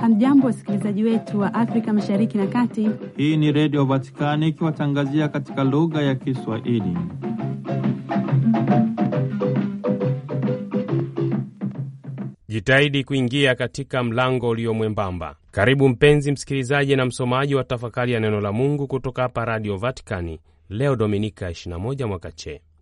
Hamjambo, wasikilizaji wetu wa Afrika mashariki na kati. Hii ni Redio Vatikani ikiwatangazia katika lugha ya Kiswahili. Mm-hmm. Jitahidi kuingia katika mlango ulio mwembamba. Karibu mpenzi msikilizaji na msomaji wa tafakari ya neno la Mungu kutoka hapa Radio Vatikani, leo Dominika 21 mwaka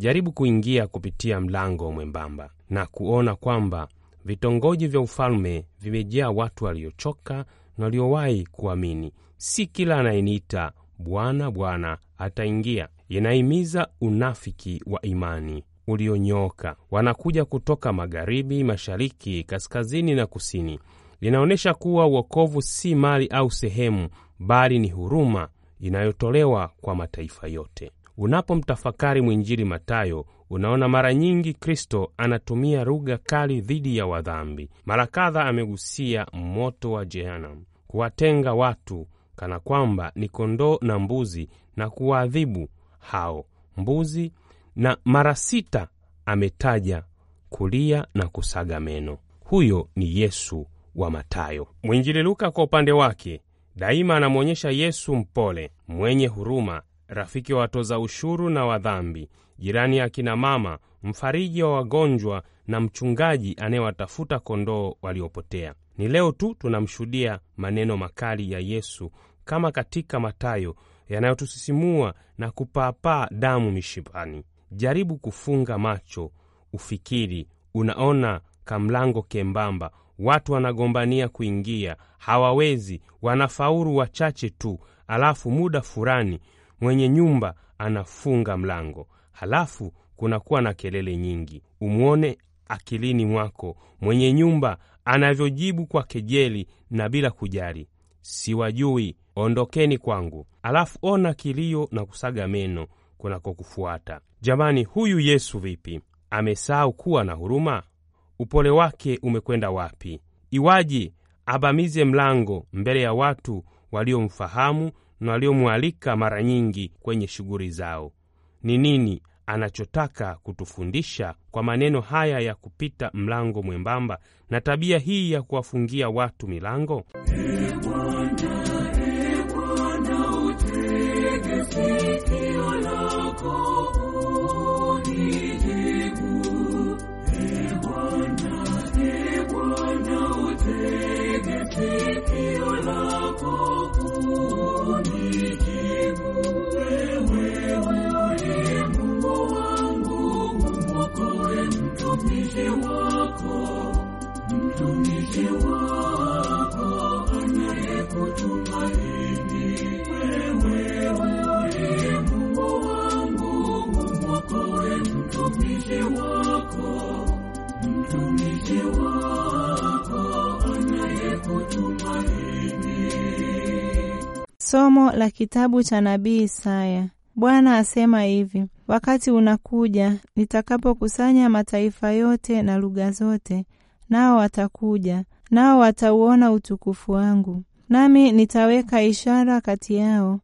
Jaribu kuingia kupitia mlango mwembamba na kuona kwamba vitongoji vya ufalme vimejaa watu waliochoka na waliowahi kuamini. Si kila anayeniita Bwana, Bwana ataingia. Inahimiza unafiki wa imani ulionyooka. Wanakuja kutoka magharibi, mashariki, kaskazini na kusini. Linaonyesha kuwa uokovu si mali au sehemu, bali ni huruma inayotolewa kwa mataifa yote. Unapomtafakari mwinjili Matayo, unaona mara nyingi Kristo anatumia lugha kali dhidi ya wadhambi. Mara kadha amegusia moto wa jehanamu, kuwatenga watu kana kwamba ni kondoo na mbuzi na kuwaadhibu hao mbuzi, na mara sita ametaja kulia na kusaga meno. Huyo ni Yesu wa Matayo. Mwinjili Luka kwa upande wake daima anamwonyesha Yesu mpole, mwenye huruma rafiki wa watoza ushuru na wadhambi, jirani ya mama, mfariji wa wagonjwa na mchungaji anayewatafuta kondoo waliopotea. Ni leo tu tunamshuhudia maneno makali ya Yesu kama katika Mathayo yanayotusisimua na kupaapaa damu mishipani. Jaribu kufunga macho ufikiri, unaona kamlango kembamba, watu wanagombania kuingia, hawawezi, wanafaulu wachache tu, alafu muda fulani mwenye nyumba anafunga mlango, halafu kunakuwa na kelele nyingi. Umwone akilini mwako mwenye nyumba anavyojibu kwa kejeli na bila kujali, siwajui, ondokeni kwangu. Alafu ona kilio na kusaga meno kunakokufuata. Jamani, huyu Yesu vipi? Amesahau kuwa na huruma? Upole wake umekwenda wapi? Iwaje abamize mlango mbele ya watu waliomfahamu na waliomwalika mara nyingi kwenye shughuli zao. Ni nini anachotaka kutufundisha kwa maneno haya ya kupita mlango mwembamba na tabia hii ya kuwafungia watu milango? Hey, Somo la kitabu cha nabii Isaya. Bwana asema hivi: wakati unakuja nitakapokusanya mataifa yote na lugha zote, nao watakuja, nao watauona utukufu wangu, nami nitaweka ishara kati yao,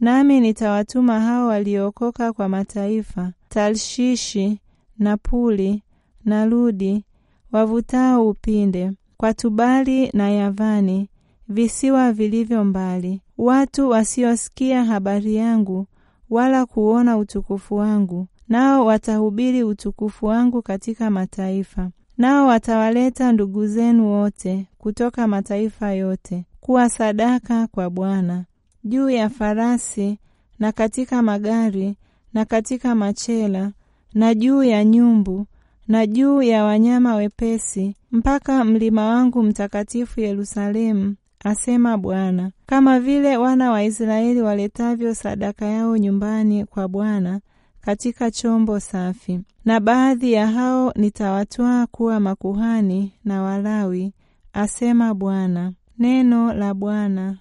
nami nitawatuma hao waliookoka kwa mataifa, Tarshishi na Puli na Ludi, wavutao upinde, kwa Tubali na Yavani, visiwa vilivyo mbali watu wasiosikia habari yangu wala kuona utukufu wangu, nao watahubiri utukufu wangu katika mataifa. Nao watawaleta ndugu zenu wote kutoka mataifa yote kuwa sadaka kwa Bwana, juu ya farasi na katika magari na katika machela na juu ya nyumbu na juu ya wanyama wepesi, mpaka mlima wangu mtakatifu Yerusalemu asema Bwana. Kama vile wana wa Israeli waletavyo sadaka yao nyumbani kwa Bwana katika chombo safi, na baadhi ya hao nitawatwaa kuwa makuhani na Walawi, asema Bwana. Neno la Bwana.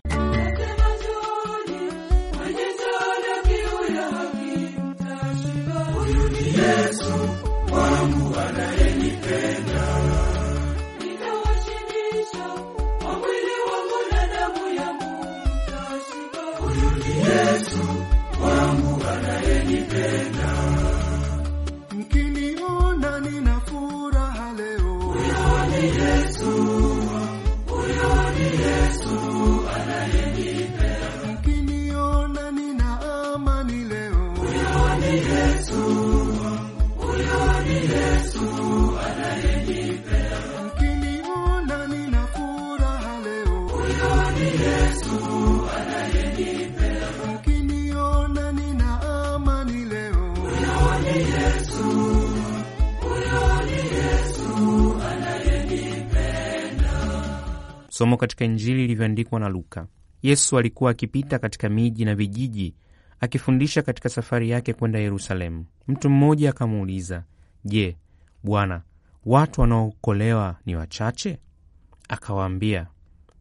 Somo katika Injili ilivyoandikwa na Luka. Yesu alikuwa akipita katika miji na vijiji akifundisha katika safari yake kwenda Yerusalemu. Mtu mmoja akamuuliza, Je, Bwana, watu wanaokolewa ni wachache? Akawaambia,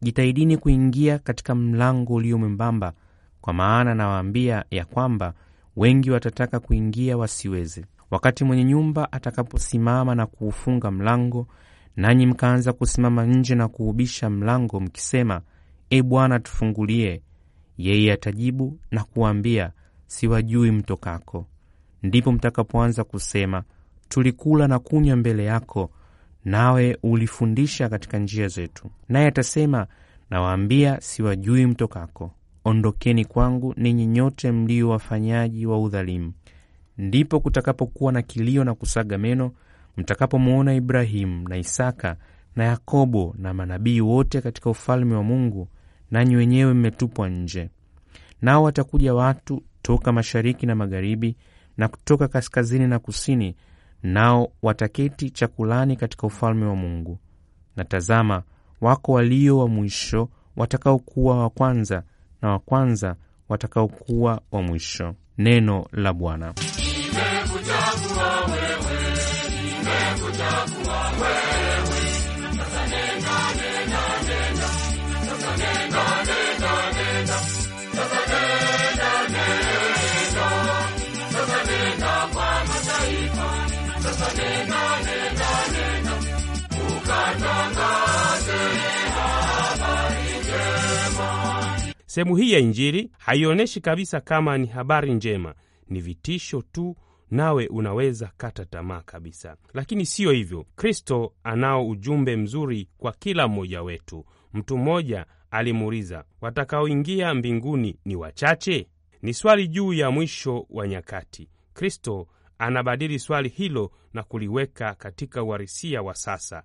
jitahidini kuingia katika mlango ulio mwembamba, kwa maana nawaambia ya kwamba wengi watataka kuingia wasiweze. Wakati mwenye nyumba atakaposimama na kuufunga mlango, nanyi mkaanza kusimama nje na kuubisha mlango mkisema, E Bwana, tufungulie. Yeye atajibu na kuwaambia, siwajui mtokako. Ndipo mtakapoanza kusema, tulikula na kunywa mbele yako, nawe ulifundisha katika njia zetu. Naye atasema, nawaambia, siwajui mtokako. Ondokeni kwangu ninyi nyote mlio wafanyaji wa udhalimu. Ndipo kutakapokuwa na kilio na kusaga meno, mtakapomuona Ibrahimu na Isaka na Yakobo na manabii wote katika ufalme wa Mungu, nanyi wenyewe mmetupwa nje. Nao watakuja watu toka mashariki na magharibi na kutoka kaskazini na kusini, nao wataketi chakulani katika ufalme wa Mungu. Na tazama, wako walio wa mwisho watakaokuwa wa kwanza, na wa kwanza watakaokuwa wa mwisho. Neno la Bwana. Sehemu hii ya Injili haionyeshi kabisa kama ni habari njema, ni vitisho tu nawe unaweza kata tamaa kabisa. Lakini siyo hivyo. Kristo anao ujumbe mzuri kwa kila mmoja wetu. Mtu mmoja alimuuliza, watakaoingia mbinguni ni wachache? Ni swali juu ya mwisho wa nyakati. Kristo anabadili swali hilo na kuliweka katika uharisia wa sasa.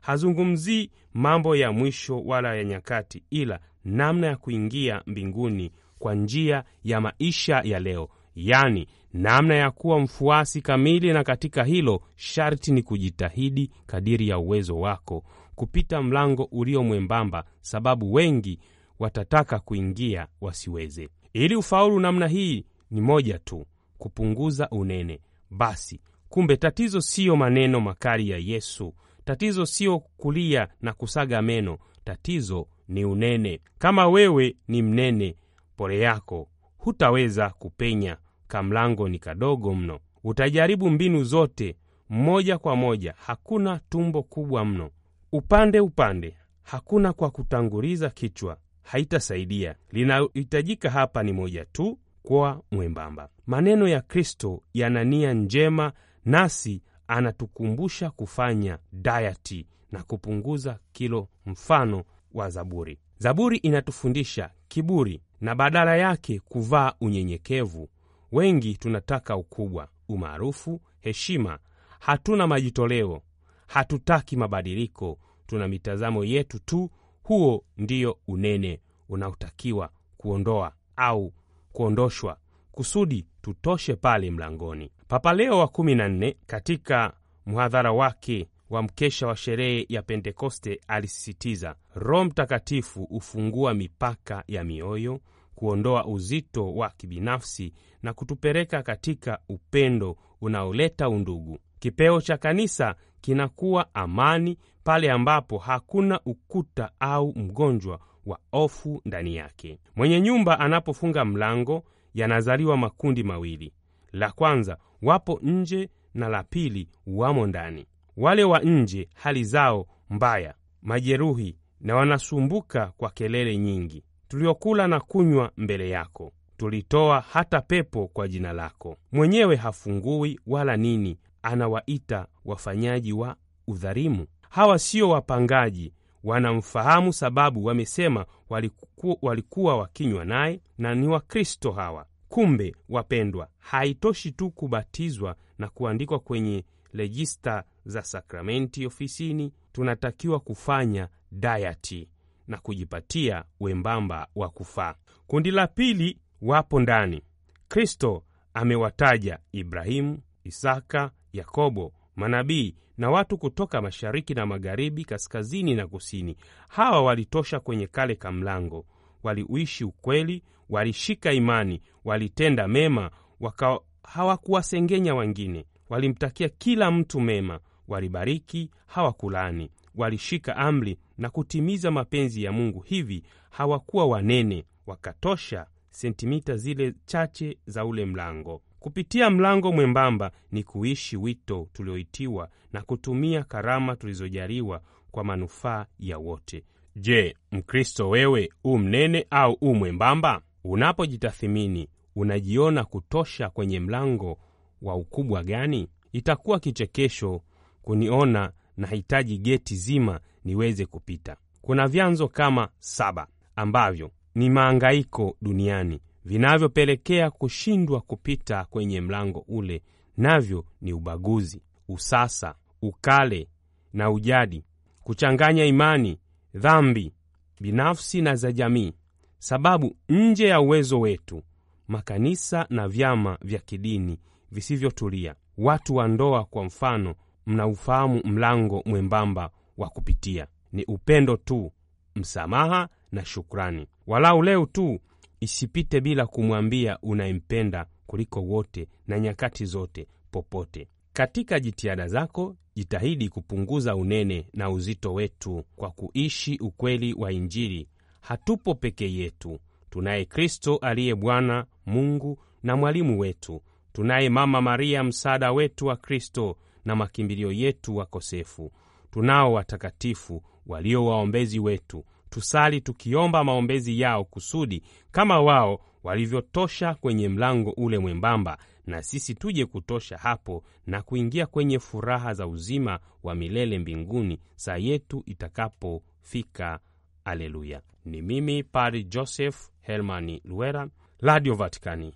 Hazungumzii mambo ya mwisho wala ya nyakati, ila namna ya kuingia mbinguni kwa njia ya maisha ya leo yani namna ya kuwa mfuasi kamili, na katika hilo sharti ni kujitahidi kadiri ya uwezo wako kupita mlango ulio mwembamba, sababu wengi watataka kuingia wasiweze. Ili ufaulu namna hii ni moja tu, kupunguza unene. Basi kumbe tatizo siyo maneno makali ya Yesu, tatizo siyo kulia na kusaga meno, tatizo ni unene. Kama wewe ni mnene, pole yako, hutaweza kupenya kamlango ni kadogo mno. Utajaribu mbinu zote, moja kwa moja, hakuna tumbo kubwa mno. Upande upande, hakuna kwa kutanguliza kichwa, haitasaidia. Linahitajika hapa ni moja tu, kwa mwembamba. Maneno ya Kristo yana nia njema, nasi anatukumbusha kufanya dayati na kupunguza kilo, mfano wa Zaburi. Zaburi inatufundisha kiburi na badala yake kuvaa unyenyekevu. Wengi tunataka ukubwa, umaarufu, heshima. Hatuna majitoleo, hatutaki mabadiliko, tuna mitazamo yetu tu. Huo ndiyo unene unaotakiwa kuondoa au kuondoshwa kusudi tutoshe pale mlangoni. Papa Leo wa kumi na nne katika mhadhara wake wa mkesha wa sherehe ya Pentekoste alisisitiza, Roho Mtakatifu hufungua mipaka ya mioyo kuondoa uzito wa kibinafsi na kutupeleka katika upendo unaoleta undugu. Kipeo cha kanisa kinakuwa amani pale ambapo hakuna ukuta au mgonjwa wa hofu ndani yake. Mwenye nyumba anapofunga mlango, yanazaliwa makundi mawili: la kwanza wapo nje na la pili wamo ndani. Wale wa nje hali zao mbaya, majeruhi na wanasumbuka kwa kelele nyingi tuliokula na kunywa mbele yako, tulitoa hata pepo kwa jina lako. Mwenyewe hafungui wala nini, anawaita wafanyaji wa udhalimu. Hawa sio wapangaji, wanamfahamu sababu wamesema waliku, walikuwa wakinywa naye na ni Wakristo hawa. Kumbe wapendwa, haitoshi tu kubatizwa na kuandikwa kwenye rejista za sakramenti ofisini, tunatakiwa kufanya dayati na kujipatia wembamba wa kufaa. Kundi la pili wapo ndani. Kristo amewataja Ibrahimu, Isaka, Yakobo, manabii na watu kutoka mashariki na magharibi, kaskazini na kusini. Hawa walitosha kwenye kale ka mlango. Waliuishi ukweli, walishika imani, walitenda mema, waka hawakuwasengenya wengine, walimtakia kila mtu mema, walibariki, hawakulani walishika amri na kutimiza mapenzi ya Mungu. Hivi hawakuwa wanene, wakatosha sentimita zile chache za ule mlango. Kupitia mlango mwembamba ni kuishi wito tulioitiwa na kutumia karama tulizojaliwa kwa manufaa ya wote. Je, Mkristo wewe u mnene au u mwembamba? Unapojitathimini, unajiona kutosha kwenye mlango wa ukubwa gani? Itakuwa kichekesho kuniona nahitaji geti zima niweze kupita. Kuna vyanzo kama saba ambavyo ni maangaiko duniani vinavyopelekea kushindwa kupita kwenye mlango ule, navyo ni ubaguzi, usasa, ukale na ujadi, kuchanganya imani, dhambi binafsi na za jamii, sababu nje ya uwezo wetu, makanisa na vyama vya kidini visivyotulia, watu wa ndoa kwa mfano, mnaufahamu mlango mwembamba wa kupitia. Ni upendo tu, msamaha na shukrani. Walau leo tu isipite bila kumwambia unayempenda kuliko wote na nyakati zote, popote. Katika jitihada zako, jitahidi kupunguza unene na uzito wetu kwa kuishi ukweli wa Injili. Hatupo peke yetu, tunaye Kristo aliye Bwana, Mungu na mwalimu wetu. Tunaye Mama Maria, msaada wetu wa Kristo na makimbilio yetu wakosefu tunao watakatifu walio waombezi wetu, tusali tukiomba maombezi yao, kusudi kama wao walivyotosha kwenye mlango ule mwembamba, na sisi tuje kutosha hapo na kuingia kwenye furaha za uzima wa milele mbinguni saa yetu itakapofika. Aleluya. Ni mimi pari Joseph Hermani Luera, Radio vaticani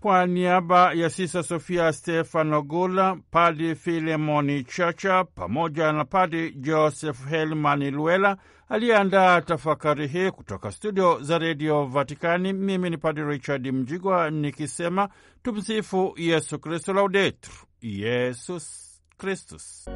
kwa niaba ya Sisa Sofia Stefano Gula, Padi Filemoni Chacha pamoja na Padi Joseph Helmani Luela aliyeandaa tafakari hii kutoka studio za redio Vatikani. Mimi ni Padi Richard Mjigwa nikisema tumsifu Yesu Kristu, laudetur Yesus Kristus.